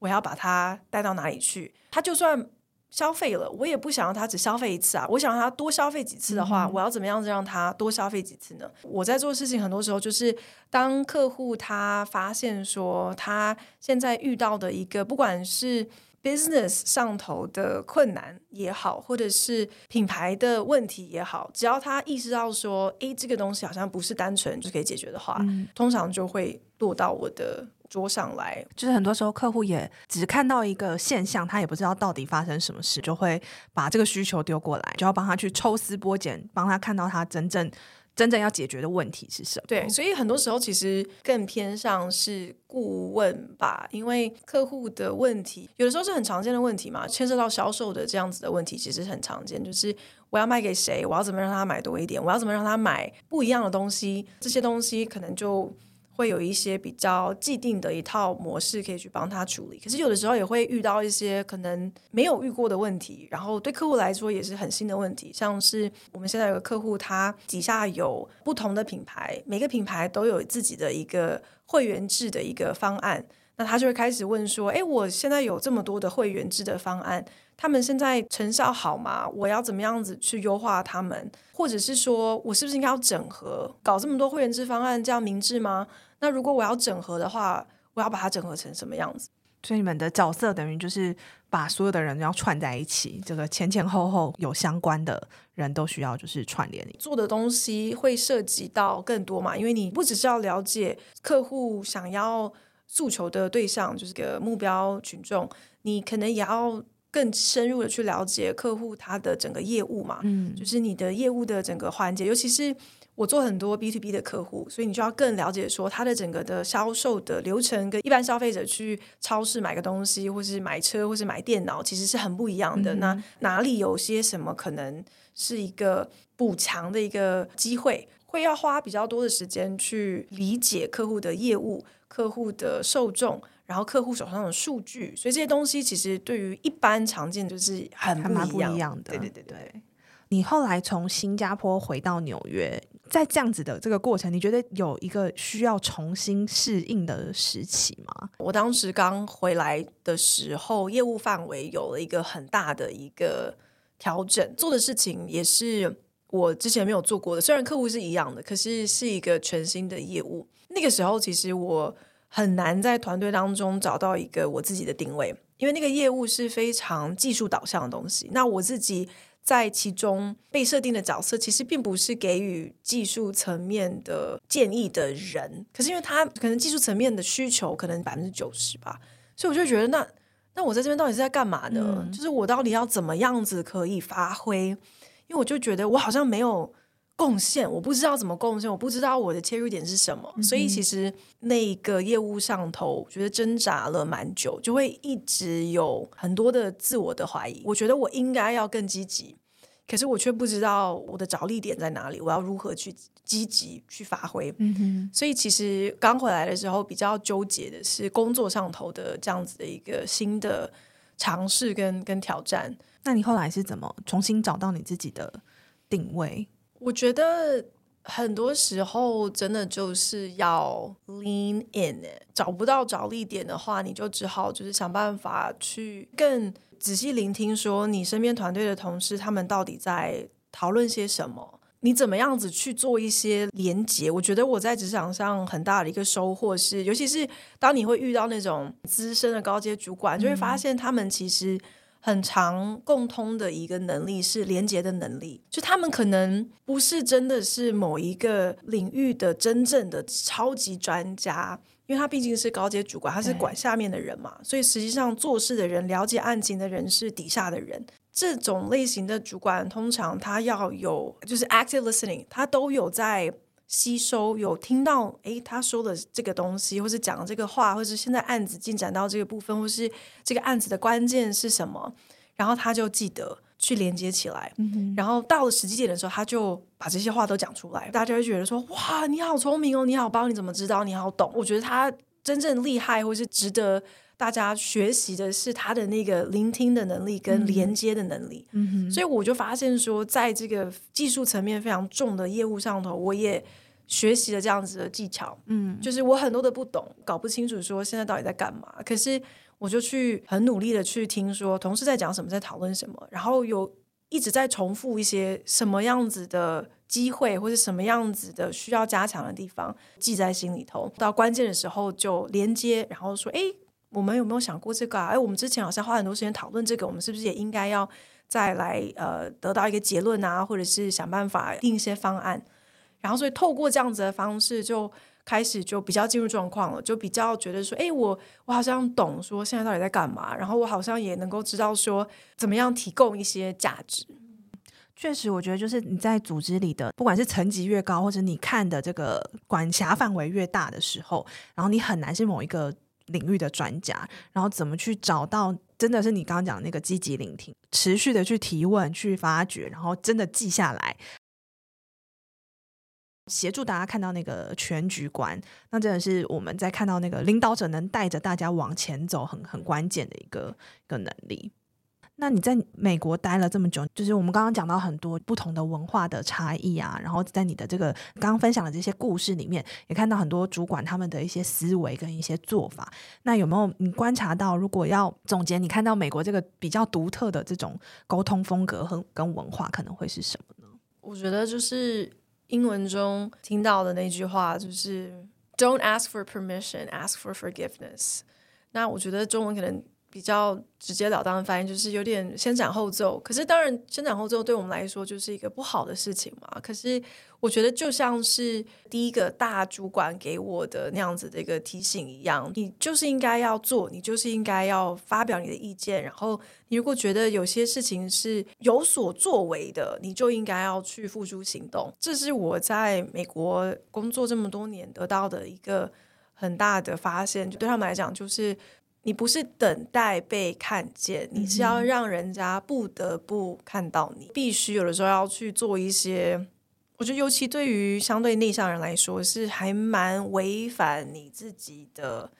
我要把他帶到哪裡去？他就算。消費了，我也不想讓他只消費一次啊！我想讓他多消費幾次的話，嗯，我要怎麼樣子讓他多消費幾次呢？我在做事情很多時候就是，當客戶他發現說他現在遇到的一個不管是 business 上頭的困難也好，或者是品牌的問題也好，只要他意識到說，哎、欸，這個東西好像不是單純就可以解決的話，嗯，通常就會落到我的。桌上來，就是很多時候客戶也只看到一個現象，他也不知道到底發生什麼事，就會把這個需求丟過來，就要幫他去抽絲剝繭，幫他看到他真正真正要解決的問題是什麼。對，所以很多時候其實更偏向是顧問吧，因為客戶的問題有的時候是很常見的問題嘛，牽涉到銷售的這樣子的問題其實很常見，就是我要賣給誰，我要怎麼讓他買多一點，我要怎麼讓他買不一樣的東西，這些東西可能就，會有一些比較既定的一套模式可以去幫他處理，可是有的時候也會遇到一些可能沒有遇過的問題，然後對客戶來說也是很新的問題。像是我們現在有個客戶，他底下有不同的品牌，每個品牌都有自己的一個會員制的一個方案，那他就會開始問說：“哎，我現在有這麼多的會員制的方案，他們現在成效好嗎？我要怎麼樣子去優化他們？或者是說我是不是應該要整合，搞這麼多會員制方案，這樣明智嗎？”那如果我要整合的話，我要把它整合成什麼樣子？所以你們的角色等於就是把所有的人都要串在一起，這個前前後後有相關的人都需要就是串聯，你做的東西會涉及到更多嘛，因為你不只是要了解客戶想要訴求的對象，就是個目標群眾，你可能也要更深入的去了解客戶他的整個業務嘛。嗯，就是你的業務的整個環節，尤其是。我做很多 B to B 的客戶，所以你就要更了解說他的整個的銷售的流程，跟一般消費者去超市買個東西，或是買車，或是買電腦，其實是很不一樣的。嗯。那哪裡有些什麼可能是一個補強的一個機會？會要花比較多的時間去理解客戶的業務、客戶的受眾，然後客戶手上的數據。所以這些東西其實對於一般常見就是很不一，不一樣的。對對對對，你後來從新加坡回到紐約。在這樣子的這個過程，你覺得有一個需要重新適應的時期嗎？我當時剛回來的時候，業務範圍有了一個很大的一個調整，做的事情也是我之前沒有做過的。雖然客戶是一樣的，可是是一個全新的業務。那個時候，其實我很難在團隊當中找到一個我自己的定位，因為那個業務是非常技術導向的東西。那我自己。在其中被設定的角色，其實並不是給予技術層面的建議的人，可是因為他可能技術層面的需求可能百分之九十吧，所以我就覺得那、那那我在這邊到底是在幹嘛呢？嗯。就是我到底要怎麼樣子可以發揮？因為我就覺得我好像沒有。貢獻，我不知道怎麼貢獻，我不知道我的切入點是什麼，嗯、所以其實那個業務上頭，我覺得掙扎了蠻久，就會一直有很多的自我的懷疑。我覺得我應該要更積極，可是我卻不知道我的着力點在哪裡，我要如何去積極去發揮。嗯哼，所以其實剛回來的時候比較糾結的是工作上頭的這樣子的一個新的嘗試跟，跟挑戰。那你後來是怎麼重新找到你自己的定位？我覺得很多時候真的就是要 lean in，找不到着力點的話，你就只好就是想辦法去更仔細聆聽，說你身邊團隊的同事他們到底在討論些什麼，你怎麼樣子去做一些連接。我覺得我在職場上很大的一個收穫是，尤其是當你會遇到那種資深的高階主管，就會發現他們其實。很常共通的一個能力是連接的能力，就他們可能不是真的是某一個領域的真正的超級專家，因為他畢竟是高階主管，他是管下面的人嘛，所以實際上做事的人、了解案情的人是底下的人。這種類型的主管通常他要有就是 active listening，他都有在。吸收有聽到誒，他說的這個東西，或是講的這個話，或是現在案子進展到這個部分，或是這個案子的關鍵是什麼，然後他就記得去連接起來，嗯、然後到了實際點的時候，他就把這些話都講出來，大家會覺得說哇，你好聰明哦，你好幫，你怎麼知道，你好懂，我覺得他真正厲害或是值得，大家學習的是他的那個聆聽的能力跟連接的能力，嗯哼，所以我就發現說，在這個技術層面非常重的業務上頭，我也學習了這樣子的技巧，嗯，就是我很多的不懂，搞不清楚說現在到底在幹嘛，可是我就去很努力的去聽，說同事在講什麼，在討論什麼，然後有一直在重複一些什麼樣子的機會，或者什麼樣子的需要加強的地方，記在心裡頭，到關鍵的時候就連接，然後說，哎、欸。我們有沒有想過這個啊？哎，我們之前好像花很多時間討論這個，我們是不是也應該要再來呃，得到一個結論啊，或者是想辦法定一些方案？然後，所以透過這樣子的方式，就開始就比較進入狀況了，就比較覺得說，哎，我我好像懂說現在到底在幹嘛，然後我好像也能夠知道說怎麼樣提供一些價值。確實，我覺得就是你在組織裡的，不管是層級越高，或者你看的這個管轄範圍越大的時候，然後你很難是某一個。領域的專家，然後怎麼去找到？真的是你剛剛講的那個積極聆聽、持續的去提問、去發掘，然後真的記下來，協助大家看到那個全局觀。那真的是我們在看到那個領導者能帶着大家往前走很，很很關鍵的一個一個能力。那你在美國待了這麼久，就是我們剛剛講到很多不同的文化的差異啊，然後在你的這個剛剛分享的這些故事裡面，也看到很多主管他們的一些思維跟一些做法。那有沒有你觀察到，如果要總結，你看到美國這個比較獨特的這種溝通風格和跟文化，可能會是什麼呢？我覺得就是英文中聽到的那句話，就是 “Don't ask for permission, ask for forgiveness.” 那我覺得中文可能。比較直截了當的反應就是有點先斬後奏，可是當然先斬後奏對我們來說就是一個不好的事情嘛。可是我覺得就像是第一個大主管給我的那樣子的一個提醒一樣，你就是應該要做，你就是應該要發表你的意見。然後你如果覺得有些事情是有所作為的，你就應該要去付諸行動。這是我在美國工作這麼多年得到的一個很大的發現，就對他們來講就是。你不是等待被看見，你是要讓人家不得不看到你。嗯哼。必須有的時候要去做一些，我覺得尤其對於相對內向人來說，是還蠻違反你自己的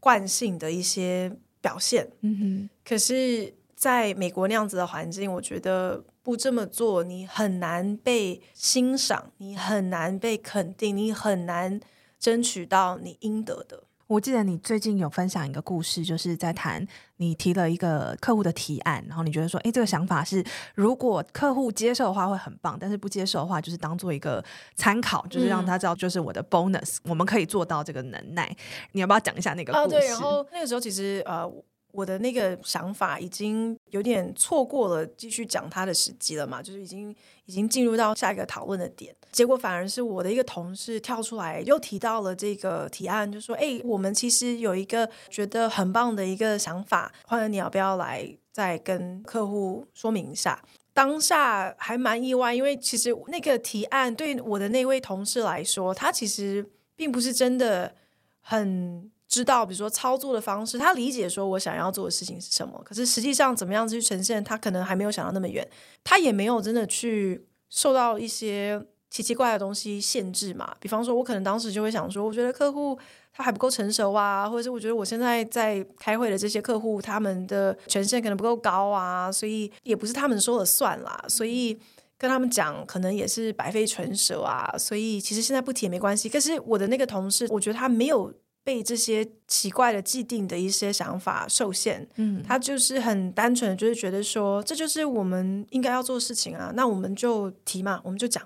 慣性的一些表現。嗯哼，可是在美國那樣子的環境，我覺得不這麼做，你很難被欣賞，你很難被肯定，你很難爭取到你應得的。我記得你最近有分享一個故事，就是在談你提了一個客戶的提案，然後你覺得說，哎，這個想法是如果客戶接受的話會很棒，但是不接受的話就是當做一個參考，嗯，就是讓他知道就是我的 bonus，我們可以做到這個能耐。你要不要講一下那個故事？啊，對，然後那個時候其實呃。我的那個想法已經有點錯過了繼續講他的時機了嘛，就是已經已經進入到下一個討論的點，結果反而是我的一個同事跳出來又提到了這個提案，就說：“哎、欸，我們其實有一個覺得很棒的一個想法，煥恩，你要不要來再跟客戶說明一下？”當下還蠻意外，因為其實那個提案對我的那位同事來說，他其實並不是真的很。知道，比如說操作的方式，他理解說我想要做的事情是什麼，可是實際上怎麼樣子去呈現，他可能還沒有想到那麼遠，他也沒有真的去受到一些奇奇怪怪的東西限制嘛。比方說，我可能當時就會想說，我覺得客戶他還不夠成熟啊，或者是我覺得我現在在開會的這些客戶，他們的權限可能不夠高啊，所以也不是他們說了算啦，所以跟他們講可能也是白費唇舌啊。所以其實現在不提也沒關係。可是我的那個同事，我覺得他沒有。被這些奇怪的既定的一些想法受限，嗯，他就是很單純，就是覺得說，這就是我們應該要做的事情啊。那我們就提嘛，我們就講，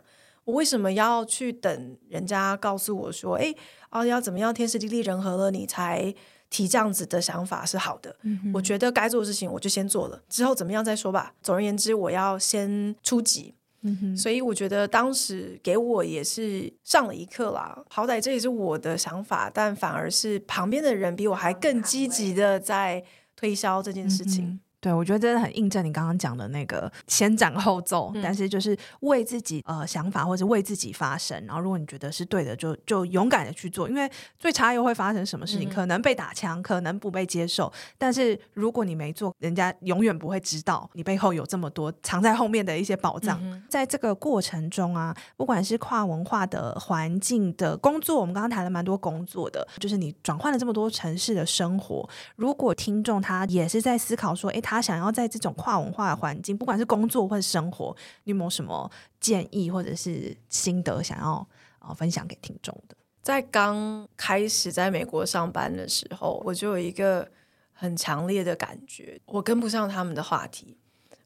我為什麼要去等人家告訴我說，哎，哦，啊，要怎麼樣天時地利人和了，你才提這樣子的想法是好的。嗯，我覺得該做的事情，我就先做了，之後怎麼樣再說吧。總而言之，我要先出擊。嗯、所以我覺得當時給我也是上了一課啦，好歹這也是我的想法，但反而是旁邊的人比我還更積極的在推銷這件事情。嗯對，我覺得真的很印證你剛剛講的那個先斬後奏，嗯，但是就是為自己呃想法，或者為自己發聲，然後如果你覺得是對的，就就勇敢的去做，因為最差又會發生什麼事情，嗯？可能被打槍，可能不被接受，但是如果你沒做，人家永遠不會知道你背後有這麼多藏在後面的一些寶藏。嗯、在這個過程中啊，不管是跨文化的環境的工作，我們剛剛談了蠻多工作的，就是你轉換了這麼多城市的生活。如果聽眾他也是在思考說，誒……他想要在這種跨文化的環境，不管是工作或者生活，你有沒有什麼建議或者是心得想要呃分享給聽眾的？在剛開始在美國上班的時候，我就有一個很強烈的感覺，我跟不上他們的話題。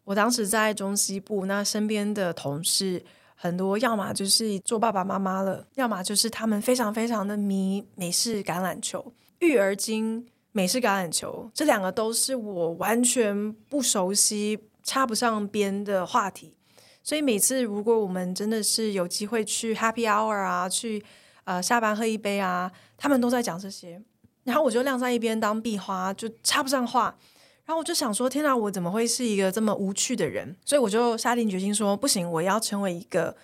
我當時在中西部，那身邊的同事很多，要麼就是做爸爸媽媽了，要麼就是他們非常非常的迷美式橄欖球、育兒經。美式橄欖球，這兩個都是我完全不熟悉、插不上邊的話題。所以每次如果我們真的是有機會去 Happy Hour 啊，去呃下班喝一杯啊，他們都在講這些，然後我就晾在一邊當壁花，就插不上話。然後我就想說：天哪，我怎麼會是一個這麼無趣的人？所以我就下定決心說：不行，我要成為一個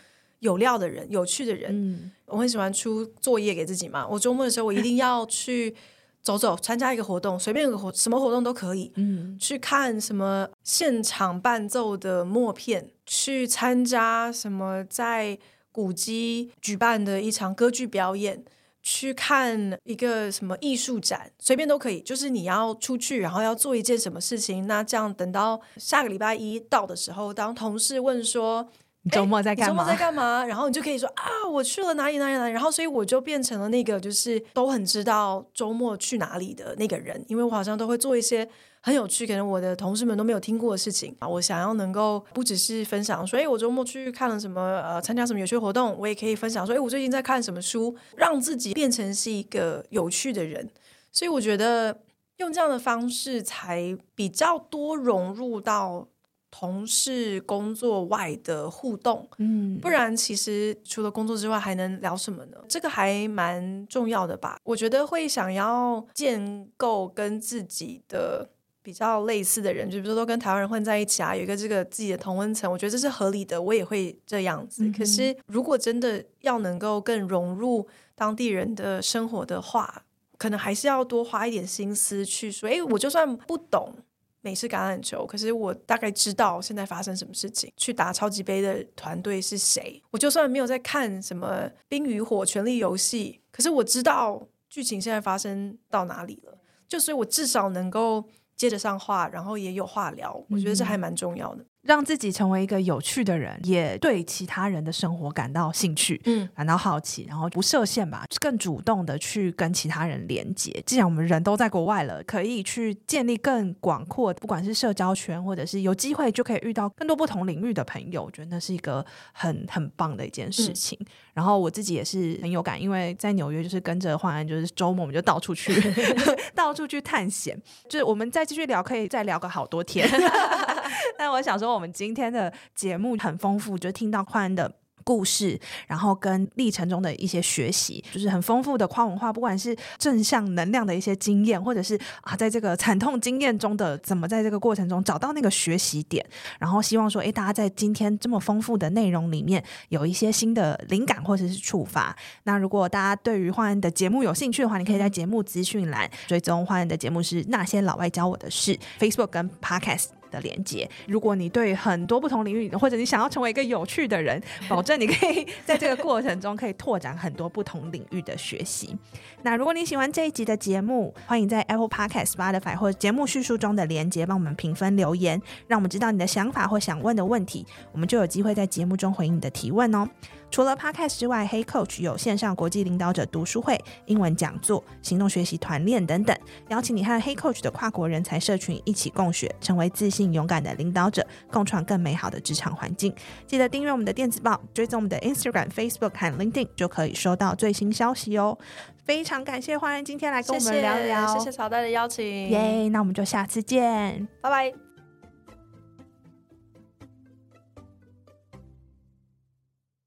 有料的人、有趣的人。嗯，我很喜歡出作業給自己嘛。我周末的時候，我一定要去。 走走，參加一個活動，隨便有個活什麼活動都可以。嗯，去看什麼現場伴奏的默片，去參加什麼在古蹟舉辦的一場歌劇表演，去看一個什麼藝術展，隨便都可以。就是你要出去，然後要做一件什麼事情，那這樣等到下個禮拜一到的時候，當同事問說，週末在幹嘛？週末在幹嘛？幹嘛 然後你就可以說啊，我去了哪裡哪裡哪裡。然後所以我就變成了那個，就是都很知道週末去哪裡的那個人。因為我好像都會做一些很有趣，可能我的同事們都沒有聽過的事情啊。我想要能夠不只是分享說，說哎，我週末去看了什麼，呃，參加什麼有趣活動，我也可以分享說。說哎，我最近在看什麼書，讓自己變成是一個有趣的人。所以我覺得用這樣的方式才比較多融入到。同事工作外的互動，嗯，不然其實除了工作之外還能聊什麼呢？這個還蠻重要的吧。我覺得會想要建構跟自己的比較類似的人，就比如說都跟台灣人混在一起啊，有一個這個自己的同溫層，我覺得這是合理的。我也會這樣子。嗯。可是如果真的要能夠更融入當地人的生活的話，可能還是要多花一點心思去說，誒，我就算不懂。美式橄欖球，可是我大概知道現在發生什麼事情，去打超級盃的團隊是誰？我就算沒有在看什麼《冰與火權力遊戲》，可是我知道劇情現在發生到哪裡了，就所以我至少能夠接得上話，然後也有話聊。我覺得這還蠻重要的。嗯讓自己成為一個有趣的人，也對其他人的生活感到興趣，嗯，感到好奇，然後不設限吧，更主動的去跟其他人連接。既然我們人都在國外了，可以去建立更廣闊，不管是社交圈，或者是有機會就可以遇到更多不同領域的朋友，我覺得那是一個很很棒的一件事情。嗯。然後我自己也是很有感，因為在紐約就是跟着煥恩，就是周末我們就到處去， 到處去探險。就是我們再繼續聊，可以再聊個好多天。 那 我想說，我們今天的節目很豐富，就是、聽到煥恩的故事，然後跟歷程中的一些學習，就是很豐富的跨文化，不管是正向能量的一些經驗，或者是啊，在這個慘痛經驗中的怎麼在這個過程中找到那個學習點，然後希望說，誒，大家在今天這麼豐富的內容裡面，有一些新的靈感或者是觸發。那如果大家對於煥恩的節目有興趣的話，你可以在節目資訊欄追蹤煥恩的節目是，是那些老外教我的事，Facebook 跟 Podcast。的連接，如果你對很多不同領域，或者你想要成為一個有趣的人，保證你可以在這個過程中可以拓展很多不同領域的學習。 那如果你喜歡這一集的節目，歡迎在 Apple Podcast、Spotify 或節目敘述中的連接幫我們評分留言，讓我們知道你的想法或想問的問題，我們就有機會在節目中回應你的提問哦、喔。除了 Podcast 之外，Hey Coach 有線上國際領導者讀書會、英文講座、行動學習團練等等，邀請你和 Hey Coach 的跨國人才社群一起共學，成為自信勇敢的領導者，共創更美好的職場環境。記得訂閱我們的電子報，追蹤我們的 Instagram、Facebook 和 LinkedIn，就可以收到最新消息哦。非常感謝煥恩今天來跟我們聊聊，謝謝曹代的邀請，耶、yeah！那我們就下次見，拜拜。